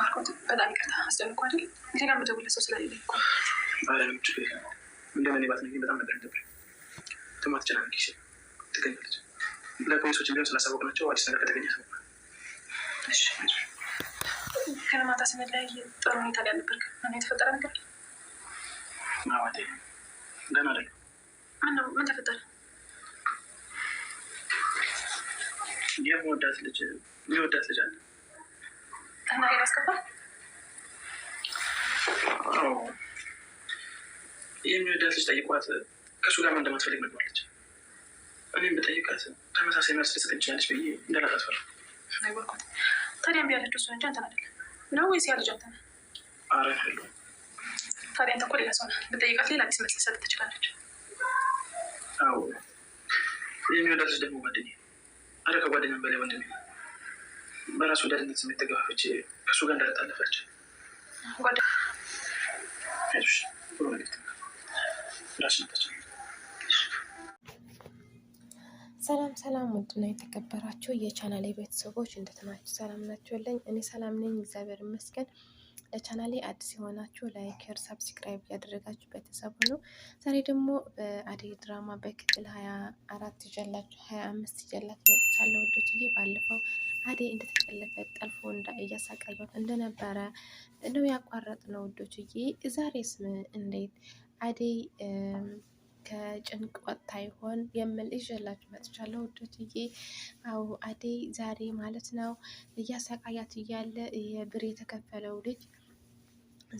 ማርኮት በጣም ይቅርታ አስደንኩ አይደል? ሌላ መደውል ሰው ስለሌለ እንደምን ባት ነው። በጣም ነበር ደብር ትማት ትገኛለች። ለፖሊሶች ቢሆን አዲስ ነገር ከተገኘ ከልማታ ስንለይ ጥሩ ሁኔታ ላይ አልነበርክም የተፈጠረ ነገር ማዋቴ አደለ። ምን ተፈጠረ? የምወዳት ልጅ የሚወዳት ልጅ አለ እና ሄድ አስከፋል የሚወዳት ልጅ ጠይቋት ከእሱ ጋር እንደማትፈልግ ነግሯለች። እኔም በጠይቃት ተመሳሳይ መልስ ልትሰጥ እንችላለች ብዬ እንደላታስፈር ታዲያ እምቢ ያለችው እሱን እንጂ አንተን አይደለም ነው ወይስ ያ ልጅ አንተን? አረ ያለው ታዲያ አንተ እኮ ሌላ ሰው ነህ። በጠይቃት ሌላ አዲስ መልስ ልሰጥ ትችላለች። አዎ የሚወዳት ልጅ ደግሞ ጓደኛ አረ ከጓደኛም በላይ ወንድሜ በራሱ ደህንነት ስሜት ተገፋፈች። ከእሱ ጋር እንዳልጣለፈች ሰላም ሰላም፣ ውድና የተከበራችሁ የቻናሌ ቤተሰቦች እንደት ናችሁ? ሰላም ናችሁልኝ? እኔ ሰላም ነኝ፣ እግዚአብሔር ይመስገን። ለቻናሌ አዲስ የሆናችሁ ላይክ፣ ሼር፣ ሰብስክራይብ ያደረጋችሁ ቤተሰብ ሁኑ። ዛሬ ደግሞ በአደይ ድራማ በክፍል ሀያ አራት ይዤላችሁ ሀያ አምስት ይዤላችሁ መጥቻለሁ ውዶችዬ ባለፈው አዴ እንደተጠለፈት ጠልፎ እያሳቃያት እንደነበረ ነው ያቋረጥ ነው ውዶችዬ። ዛሬስ እንዴት አዴ ከጭንቅ ወጥታ ይሆን የምል ይዤላችሁ መጥቻለሁ ውዶችዬ። አዎ አዴ ዛሬ ማለት ነው እያሳቃያት እያለ የብር የተከፈለው ልጅ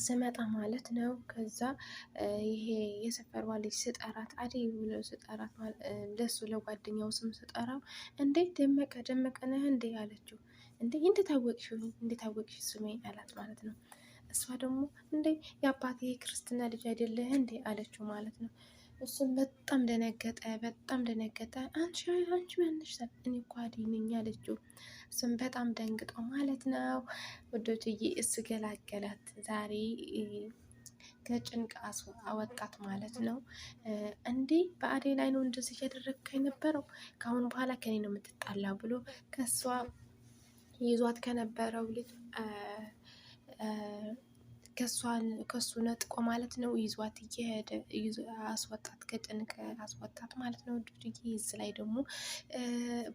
ስመጣ ማለት ነው። ከዛ ይሄ የሰፈሯ ልጅ ስጠራት አደይ ብሎ ስጠራት ለሱ ለጓደኛው ስም ስጠራው እንዴት ደመቀ ደመቀ ነህ እንዴ አለችው። እንዴ እንደታወቅሽ እንደታወቅሽ ስሜን አላት ማለት ነው። እሷ ደግሞ እንዴ የአባቴ ክርስትና ልጅ አይደለህ እንዴ አለችው ማለት ነው። እሱም በጣም ደነገጠ፣ በጣም ደነገጠ። አንቺ አንቺ ማንሽ እኔ እኮ አደይ ነኝ አለችው። እሱም በጣም ደንግጦ ማለት ነው ውዶትዬ እስገላገላት ዛሬ ከጭንቃስ አወጣት ማለት ነው። እንዴ በአዴ ላይ ነው እንደዚህ እያደረግከ የነበረው ከአሁን በኋላ ከኔ ነው የምትጣላ ብሎ ከእሷ ይዟት ከነበረው ልጅ ከሱ ነጥቆ ማለት ነው ይዟት እየሄደ አስወጣት፣ ከጭንቀት አስወጣት ማለት ነው። ዱድዬ ይዝ ላይ ደግሞ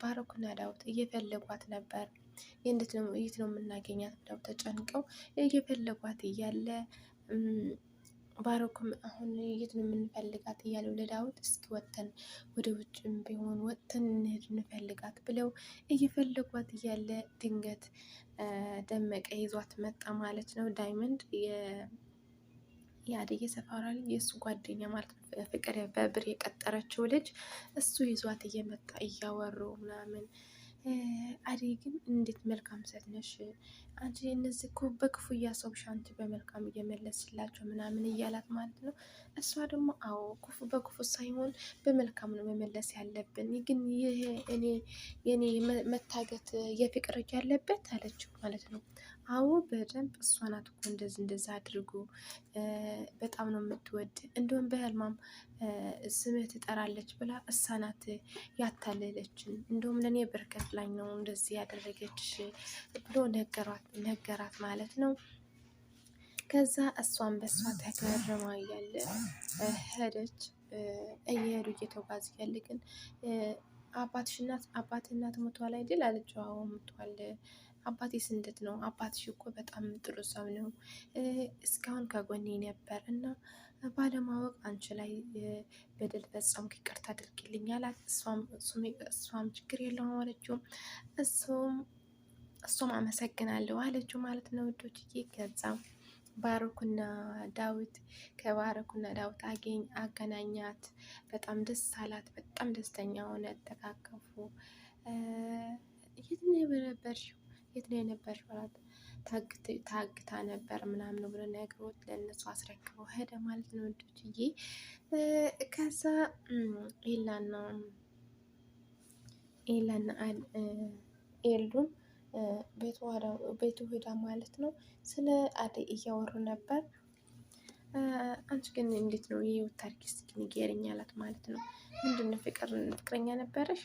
ባረኩና ዳውት እየፈለጓት ነበር። የት ነው የምናገኛት ብለው ተጨንቀው እየፈለጓት እያለ ባሮክም አሁን የት ነው የምንፈልጋት እያለው ለዳዊት እስኪ ወጥተን ወደ ውጭም ቢሆን ወጥተን እንሄድ እንፈልጋት ብለው እየፈለጓት እያለ ድንገት ደመቀ ይዟት መጣ ማለት ነው። ዳይመንድ የአደየ ሰፋራ የእሱ ጓደኛ ማለት ነው። ፍቅር በብር የቀጠረችው ልጅ እሱ ይዟት እየመጣ እያወሩ ምናምን አደይ ግን እንዴት መልካም ሴት ነሽ አንቺ፣ እነዚህ እኮ በክፉ እያሰብሽ አንቺ በመልካም እየመለስላቸው ምናምን እያላት ማለት ነው። እሷ ደግሞ አዎ ክፉ በክፉ ሳይሆን በመልካም ነው መመለስ ያለብን፣ ግን ይህ እኔ የኔ መታገት የፍቅር ያለበት አለችው ማለት ነው። አዎ በደንብ እሷ ናት እኮ እንደዚህ እንደዚህ አድርጎ በጣም ነው የምትወድ፣ እንዲሁም በህልማም ስምህ ትጠራለች ብላ እሷ ናት ያታለለችን፣ እንዲሁም ለእኔ በርከት ላይ ነው እንደዚህ ያደረገች ብሎ ነገራት ማለት ነው። ከዛ እሷን በእሷ ተገረማ እያለ ሄደች። እየሄዱ እየተጓዝ እያለ ግን አባትሽ እናት አባት እናት ሞቷል አይደል አለችው። አዎ ሞቷል አባቴስ እንዴት ነው? አባትሽ እኮ በጣም ጥሩ ሰው ነው፣ እስካሁን ከጎኔ ነበር እና ባለማወቅ አንቺ ላይ በደል ፈጸምኩ፣ ይቅርታ አድርጊልኝ አላት። እሷም ችግር የለውም አለችው። እሱም እሱም አመሰግናለሁ አለችው ማለት ነው ውዶች ከዛ ባረኩና ዳዊት ከባረኩና ዳዊት አገኝ አገናኛት። በጣም ደስ አላት። በጣም ደስተኛ ሆነ። ተካከፉ። የት ነው የት ነው የነበርሽ ብላት ታግታ ነበር ምናምን ብሎ ነግሮት ለእነሱ አስረክበው ሄደ ማለት ነው ወንዶችዬ። ከዛ ኤላና ኤላና ኤልዱም ቤቱ ሄዳ ማለት ነው ስለ አደይ እያወሩ ነበር። አንቺ ግን እንዴት ነው የህይወት ታሪክ እስኪ ንገሪኝ አላት ማለት ነው። ምንድን ነው ፍቅር ፍቅረኛ ነበረሽ?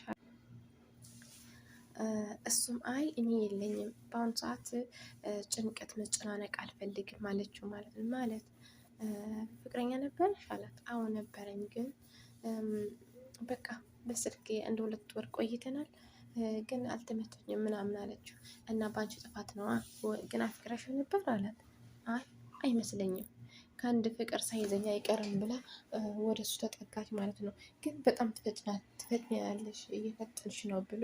እሱም አይ እኔ የለኝም በአሁኑ ሰዓት ጭንቀት መጨናነቅ አልፈልግም አለችው ማለት ነው። ማለት ፍቅረኛ ነበረሽ አላት። አዎ ነበረኝ፣ ግን በቃ በስልክ እንደ ሁለት ወር ቆይተናል፣ ግን አልተመቸኝም ምናምን አለችው እና በአንቺ ጥፋት ነዋ። ግን አፍቅረሽው ነበር አላት። አይ አይመስለኝም ከአንድ ፍቅር ሳይዘኛ አይቀርም ብላ ወደ እሱ ተጠጋች ማለት ነው። ግን በጣም ትፈጥኛለሽ እየፈጠንሽ ነው ብሎ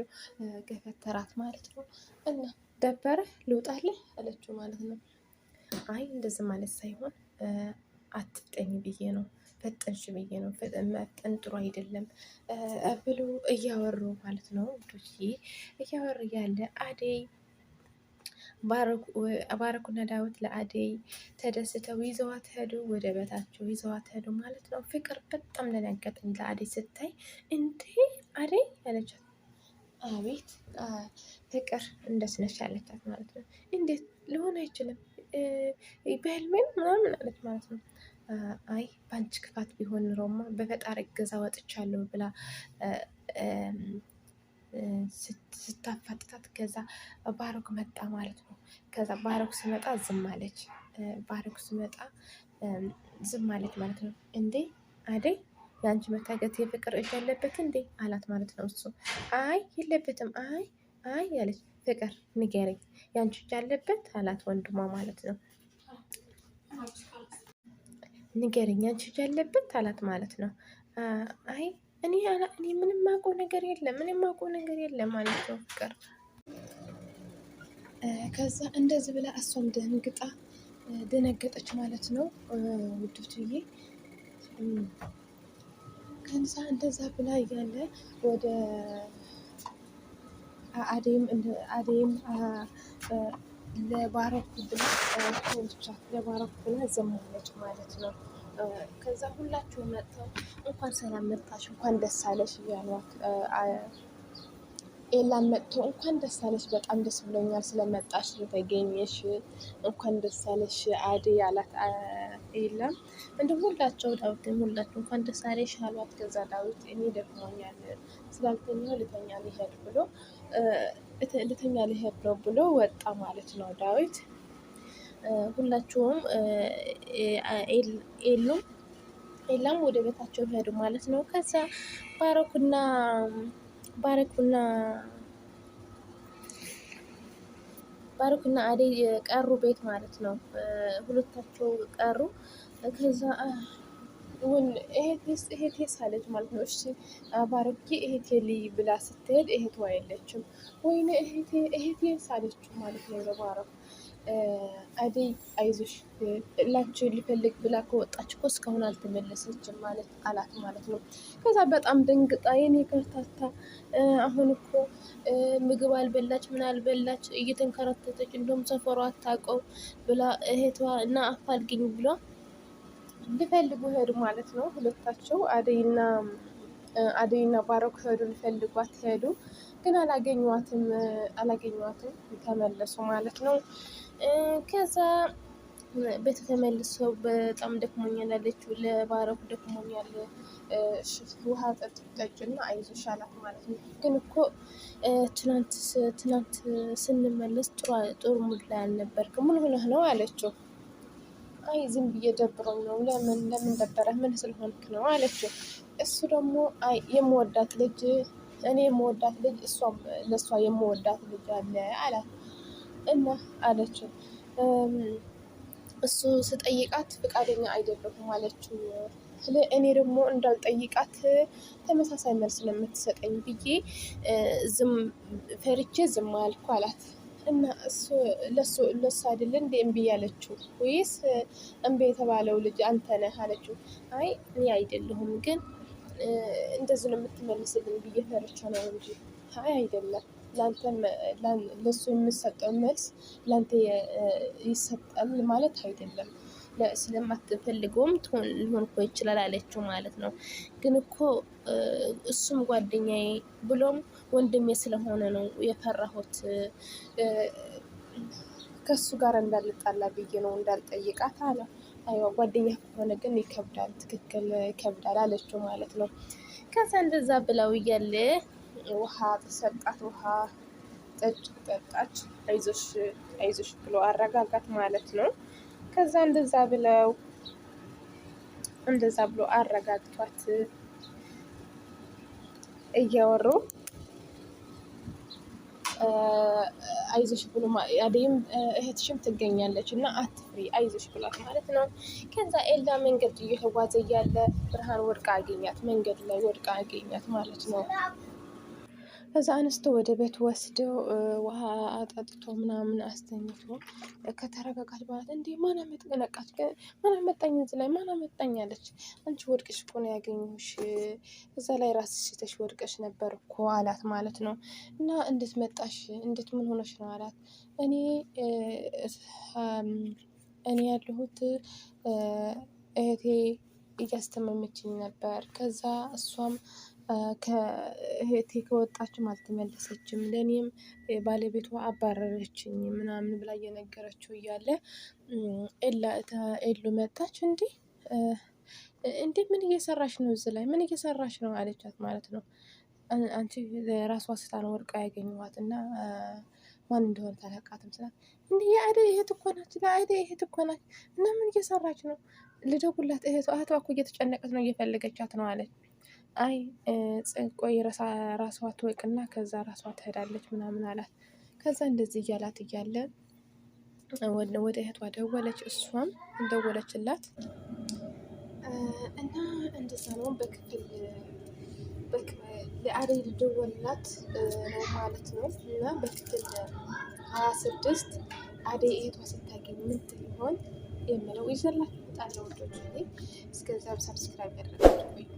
ገፈተራት ማለት ነው። እና ደበረ ልውጣልህ አለችው ማለት ነው። አይ እንደዚህ ማለት ሳይሆን አትፍጠኝ ብዬ ነው ፈጠንሽ ብዬ ነው። መፍጠን ጥሩ አይደለም ብሎ እያወሩ ማለት ነው። ዱ እያወሩ ያለ አደይ ባረኩና ዳዊት ለአደይ ተደስተው ይዘዋት ሄዱ። ወደ ቤታቸው ይዘዋት ሄዱ ማለት ነው። ፍቅር በጣም ደነገጠኝ ለአደይ ስታይ። እንዴ አደይ ያለቻት፣ አቤት ፍቅር እንደስነሽ ያለቻት ማለት ነው። እንዴት ሊሆን አይችልም በህልሜን ምናምን አለች ማለት ነው። አይ በአንቺ ክፋት ቢሆን ኖሮማ በፈጣሪ እገዛ ወጥቻለሁ ብላ ስታፋጥታት ከዛ ባሮክ መጣ ማለት ነው። ከዛ ባሮክ ስመጣ ዝም አለች። ባሮክ ስመጣ ዝም አለች ማለት ነው። እንዴ አደይ የአንቺ መታገት የፍቅር እጅ ያለበት እንዴ አላት ማለት ነው። እሱ አይ የለበትም፣ አይ አይ ያለች ፍቅር ንገረኝ የአንቺ እጅ ያለበት አላት ወንድሟ ማለት ነው። ንገረኝ የአንቺ እጅ ያለበት አላት ማለት ነው። አይ እኔ አላ እኔ ምንም ማቆ ነገር የለም ምንም ማቆ ነገር የለም ማለት ነው ፍቅር። ከዛ እንደዚህ ብላ እሷም ደንግጣ ደነገጠች ማለት ነው ውድትዬ። ከዛ እንደዛ ብላ እያለ ወደ አዴም ለባረኩ ብላ ተወቻት፣ ለባረኩ ብላ ዘመለች ማለት ነው። ከዛ ሁላችሁ መጥተው እንኳን ሰላም መጣሽ እንኳን ደስ አለሽ እያሏት ኤላን መጥቶ እንኳን ደስ አለሽ፣ በጣም ደስ ብሎኛል ስለመጣሽ ስለተገኘሽ እንኳን ደስ አለሽ አዴ አላት። ኤላም እንደ ሁላቸው ዳዊት ሁላቸው እንኳን ደስ አለሽ አሏት። ከዛ ዳዊት እኔ ደክሞኛል ስላልተኛ ልተኛ ልሄድ ብሎ ልተኛ ልሄድ ነው ብሎ ወጣ ማለት ነው ዳዊት ሁላችሁም የሉም የለም ወደ ቤታቸው ሄዱ ማለት ነው። ከዛ ባረኩና ባረኩና ባረኩና አደይ ቀሩ ቤት ማለት ነው። ሁለታቸው ቀሩ ከዛ እውን እህቴስ እህቴስ አለች ማለት ነው። እሺ አባረኪ እህቴ ልይ ብላ ስትሄድ እህቷ የለችም። ወይኔ እህቴ እህቴ ሳለች ማለት ነው። ለባረኩ አደይ አይዞሽ ላች ልፈልግ ብላ ከወጣች እኮ እስካሁን አልተመለሰችም ማለት አላት ማለት ነው። ከዛ በጣም ደንግጣ የኔ ከርታታ አሁን እኮ ምግብ አልበላች ምን አልበላች እየተንከራተተች እንደውም ሰፈሯ አታውቀው ብላ እህቷ እና አፋልግኝ ብሏ ሊፈልጉ ሄዱ ማለት ነው። ሁለታቸው አደይና አደይና ባሮክ ሄዱ ሊፈልጓት ሄዱ፣ ግን አላገኟትም አላገኟትም ተመለሱ ማለት ነው። ከዛ ቤት ተመልሰው በጣም ደክሞኛል ያለችው ለባረኩ ደክሞኛል ውሃ ጠጭና አይዞሽ አላት ማለት ነው። ግን እኮ ትናንት ስንመለስ ጥሩ ሙድ ላይ አልነበርክም፣ ምን ሆነህ ነው አለችው። አይ ዝም ብዬ ደብሮኝ ነው። ለምን ለምን ደበረ? ምን ስለሆንክ ነው አለችው። እሱ ደግሞ አይ የምወዳት ልጅ እኔ የምወዳት ልጅ እሷም ለእሷ የምወዳት ልጅ አለ አላት እና አለችው እሱ ስጠይቃት ፈቃደኛ አይደለሁም አለችው። እኔ ደግሞ እንዳልጠይቃት ተመሳሳይ መልስ ለምትሰጠኝ ብዬ ዝም ፈርቼ ዝም አልኩ አላት። እና ለእሱ አይደለ እንዴ እምቢ ያለችው ወይስ እምቢ የተባለው ልጅ አንተ ነህ አለችው። አይ እኔ አይደለሁም ግን እንደዚህ ነው የምትመልስልን ብዬ ፈርቻ ነው እንጂ አይ አይደለም ለእሱ የምሰጠው መልስ ለአንተ ይሰጣል ማለት አይደለም ስለማትፈልገውም ትሆን ሊሆን እኮ ይችላል አለችው ማለት ነው። ግን እኮ እሱም ጓደኛዬ ብሎም ወንድሜ ስለሆነ ነው የፈራሁት ከሱ ጋር እንዳልጣላ ብዬ ነው እንዳልጠይቃት አለ። አይዋ ጓደኛ ከሆነ ግን ይከብዳል፣ ትክክል ይከብዳል አለችው ማለት ነው። ከዛ እንደዛ ብለው እያለ ውሃ ተሰጣት። ውሃ ጠጭ ጠጣች። አይዞሽ አይዞሽ ብሎ አረጋጋት ማለት ነው። ከዛ እንደዛ ብለው እንደዛ ብሎ አረጋግቷት እያወሩ አይዞሽ ብሎ አደይም እህትሽም ትገኛለች እና አትፍሪ አይዞሽ ብሏት ማለት ነው። ከዛ ኤልዳ መንገድ እየተጓዘ እያለ ብርሃን ወድቃ አገኛት፣ መንገድ ላይ ወድቃ አገኛት ማለት ነው። ከዛ አንስቶ ወደ ቤት ወስደው ውሃ አጠጥቶ ምናምን አስተኝቶ ከተረጋጋት በኋላ እንዲህ ማን አመጥነቃች ማን አመጣኝ እዚህ ላይ ማን አመጣኝ አለች። አንቺ ወድቅሽ እኮ ነው ያገኘሁሽ እዛ ላይ ራስሽ ሽተሽ ወድቀሽ ነበር እኮ አላት ማለት ነው። እና እንዴት መጣሽ እንዴት ምን ሆነሽ ነው አላት። እኔ እኔ ያለሁት እህቴ እያስተመመችኝ ነበር ከዛ እሷም ከእህቴ ከወጣች አልተመለሰችም፣ ለእኔም ባለቤቱ አባረረችኝ ምናምን ብላ እየነገረችው እያለ ኤሉ መጣች። እንዲህ እንዴት ምን እየሰራሽ ነው? እዚህ ላይ ምን እየሰራሽ ነው አለቻት ማለት ነው። አንቺ ራሷ ስታ ነው ወድቃ ያገኘኋት እና ማን እንደሆነ ታላቃትም ስላት እንዲህ የአደይ እህት እኮ ናት፣ የአደይ እህት እኮ ናት እና ምን እየሰራች ነው? ልደጉላት እህቷ እህቷ እኮ እየተጨነቀች ነው እየፈለገቻት ነው አለች። አይ ራስዋ ራሷ ትወቅና ከዛ ራሷ ትሄዳለች ምናምን አላት። ከዛ እንደዚህ እያላት እያለ ወደ እህቷ ደወለች፣ እሷም ደወለችላት እና እንደዛ ነው በክፍል ለአደይ ልደወልላት ማለት ነው እና በክፍል ሀያ ስድስት አደይ እህቷ ስታገኝ ምን ትሆን የምለው ይዘላት ይመጣል። ለወዶች ጊዜ ሰብስክራይብ ያደረጋቸው